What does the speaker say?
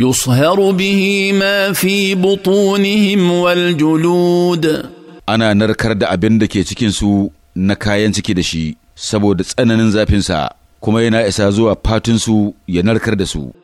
يصهر به ما في بطونهم والجلود ana narkar da abin da ke su na kayan ciki da shi saboda tsananin zafinsa kuma yana isa zuwa fatinsu ya narkar da su